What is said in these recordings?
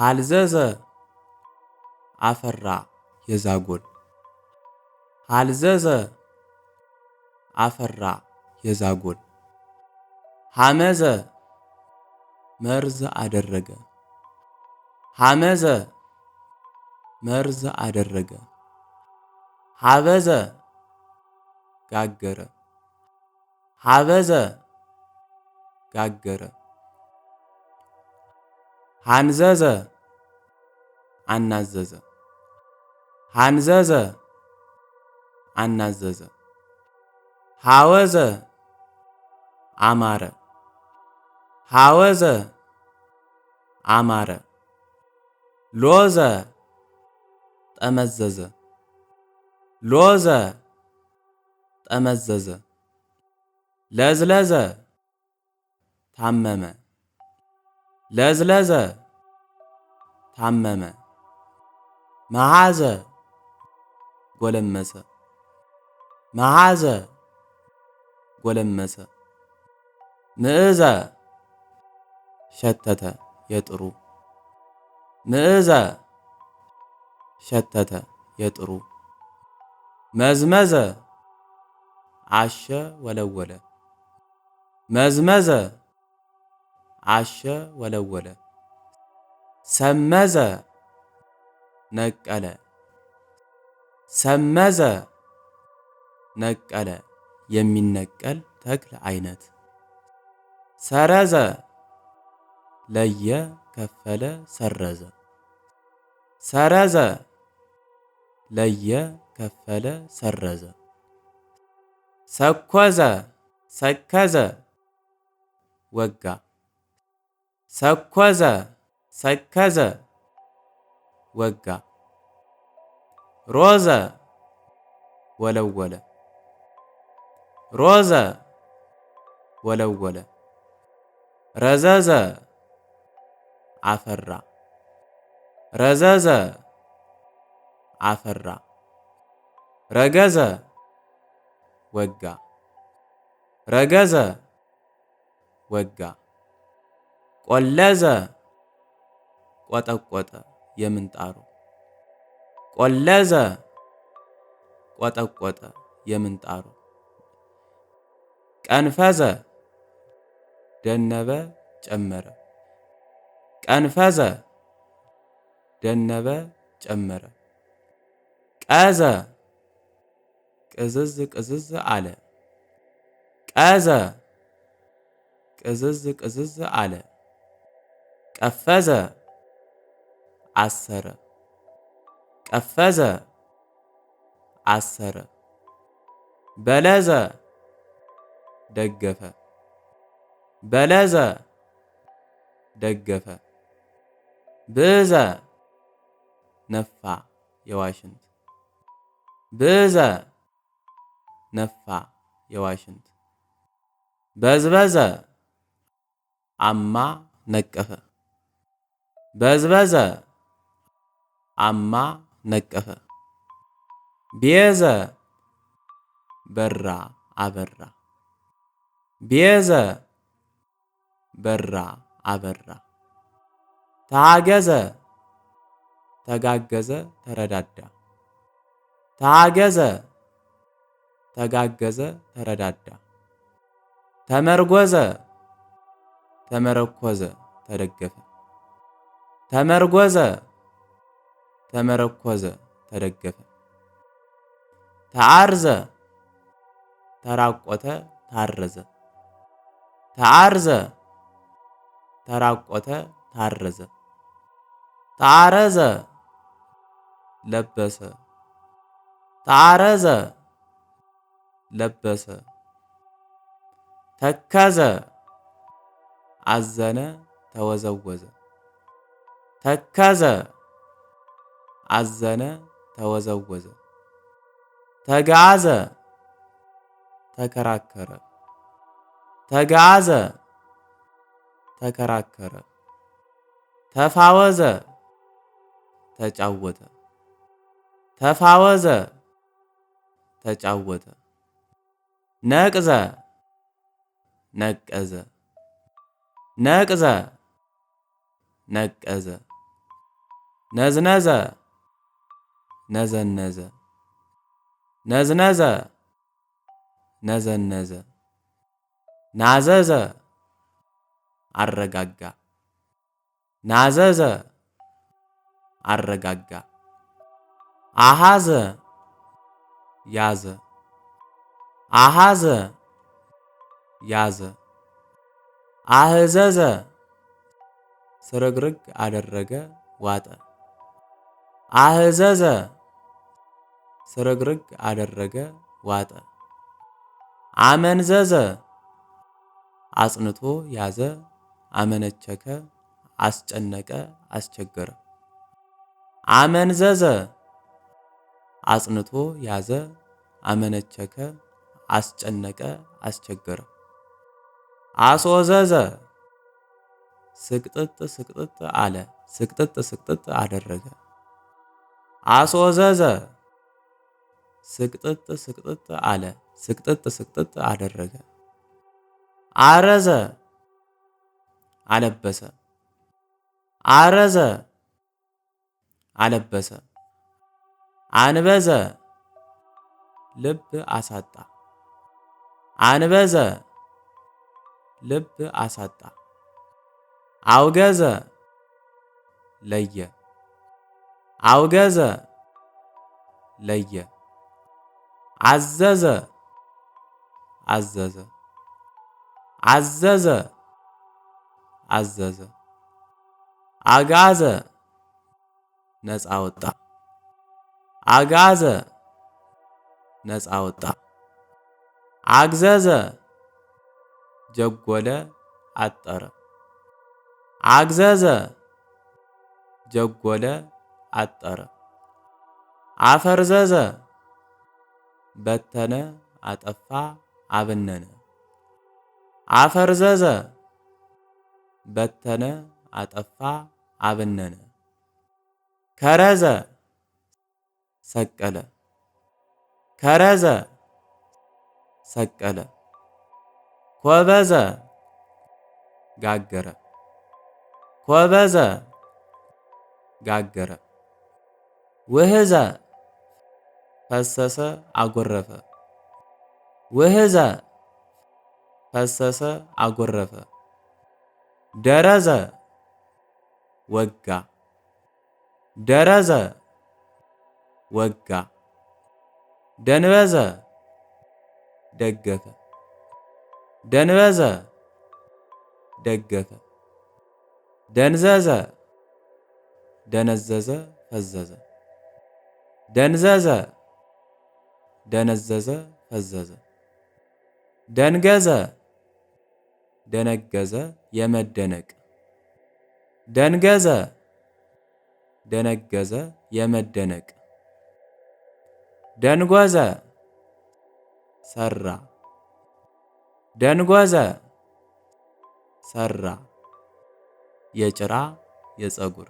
ሀልዘዘ አፈራ የዛጎል ሀልዘዘ አፈራ የዛጎል ሐመዘ መርዝ አደረገ ሐመዘ መርዝ አደረገ ሐበዘ ጋገረ ሐበዘ ጋገረ ሐንዘዘ አናዘዘ ሃንዘዘ አናዘዘ ሃወዘ አማረ ሃወዘ አማረ ሎዘ ጠመዘዘ ሎዘ ጠመዘዘ ለዝለዘ ታመመ ለዝለዘ ታመመ معاذ ولمسة معاذ ولمسة مئذا شتت يطرو مئذا شتت يطرو مزمزة عش ولوله مزمزة عش ولوله سمزة ነቀለ ሰመዘ ነቀለ የሚነቀል ተክል አይነት ሰረዘ ለየ ከፈለ ሰረዘ ሰረዘ ለየ ከፈለ ሰረዘ ሰኮዘ ሰከዘ ወጋ ሰኮዘ ሰከዘ وقع روزا ولولا روزا ولولا رزازا عفرا رزازا عفرا رجزا وقع رجزا وقع قلزا قطقطه የምንጣሩ ቆለዘ ቆጠቆጠ የምንጣሩ ቀንፈዘ ደነበ ጨመረ ቀንፈዘ ደነበ ጨመረ ቀዘ ቅዝዝ ቅዝዝ አለ ቀዘ ቅዝዝ ቅዝዝ አለ ቀፈዘ አሰረ ቀፈዘ አሰረ በለዘ ደገፈ በለዘ ደገፈ ብዘ ነፋ የዋሽንት ብዘ ነፋ የዋሽንት በዝበዘ አማ ነቀፈ በዝበዘ አማ ነቀፈ ቤዘ በራ አበራ ቤዘ በራ አበራ ታገዘ ተጋገዘ ተረዳዳ ታገዘ ተጋገዘ ተረዳዳ ተመርጎዘ ተመረኮዘ ተደገፈ ተመርጎዘ ተመረኮዘ፣ ተደገፈ። ተአርዘ ተራቆተ፣ ታረዘ። ተአርዘ ተራቆተ፣ ታረዘ። ተአረዘ ለበሰ፣ ተአረዘ ለበሰ። ተከዘ አዘነ፣ ተወዘወዘ። ተከዘ عزنا توزوز تقعز تكراكر تقعز تكراكر تفاوز تجعود تفاوز تجعود نقز نقز نقز نقز نزنزه ነዘነዘ ነዝነዘ ነዘነዘ ናዘዘ አረጋጋ ናዘዘ አረጋጋ አሃዘ ያዘ አሃዘ ያዘ አህዘዘ ስርግርግ አደረገ ዋጠ አህዘዘ ስርግርግ አደረገ ዋጠ። አመንዘዘ አጽንቶ ያዘ አመነቸከ አስጨነቀ አስቸገረ። አመንዘዘ አጽንቶ ያዘ አመነቸከ አስጨነቀ አስቸገረ። አስወዘዘ ስቅጥጥ ስቅጥጥ አለ ስቅጥጥ ስቅጥጥ አደረገ። አስወዘዘ ስቅጥጥ ስቅጥጥ አለ፣ ስቅጥጥ ስቅጥጥ አደረገ። አረዘ አለበሰ፣ አረዘ አለበሰ፣ አንበዘ ልብ አሳጣ፣ አንበዘ ልብ አሳጣ፣ አውገዘ ለየ፣ አውገዘ ለየ አዘዘ አዘዘ አዘዘ አዘዘ አጋዘ ነፃ ወጣ አጋዘ ነፃ ወጣ አግዘዘ ጀጎለ አጠረ አግዘዘ ጀጎለ አጠረ አፈርዘዘ በተነ፣ አጠፋ፣ አበነነ። አፈርዘዘ በተነ፣ አጠፋ፣ አበነነ። ከረዘ ሰቀለ፣ ከረዘ ሰቀለ። ኮበዘ ጋገረ፣ ኮበዘ ጋገረ። ውህዘ ፈሰሰ አጎረፈ ውህዘ ፈሰሰ አጎረፈ ደረዘ ወጋ ደረዘ ወጋ ደንበዘ ደገፈ ደንበዘ ደገፈ ደንዘዘ ደነዘዘ ፈዘዘ ደንዘዘ ደነዘዘ ፈዘዘ ደንገዘ ደነገዘ የመደነቅ ደንገዘ ደነገዘ የመደነቅ ደንጓዘ ሰራ ደንጓዘ ሰራ የጭራ የፀጉር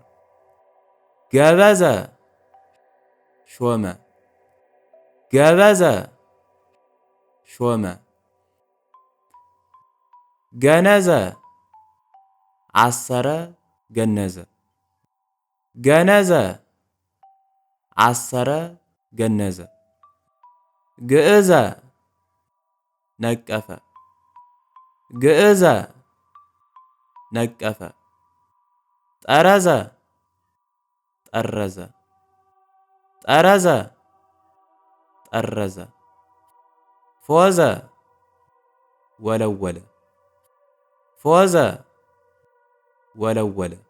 ገበዘ ሾመ ገበዘ ሾመ ገነዘ አሰረ ገነዘ ገነዘ አሰረ ገነዘ ግዕዘ ነቀፈ ግዕዘ ነቀፈ ጠረዘ ጠረዘ ጠረዘ الرزا فوزا ولولا فوزا ولولا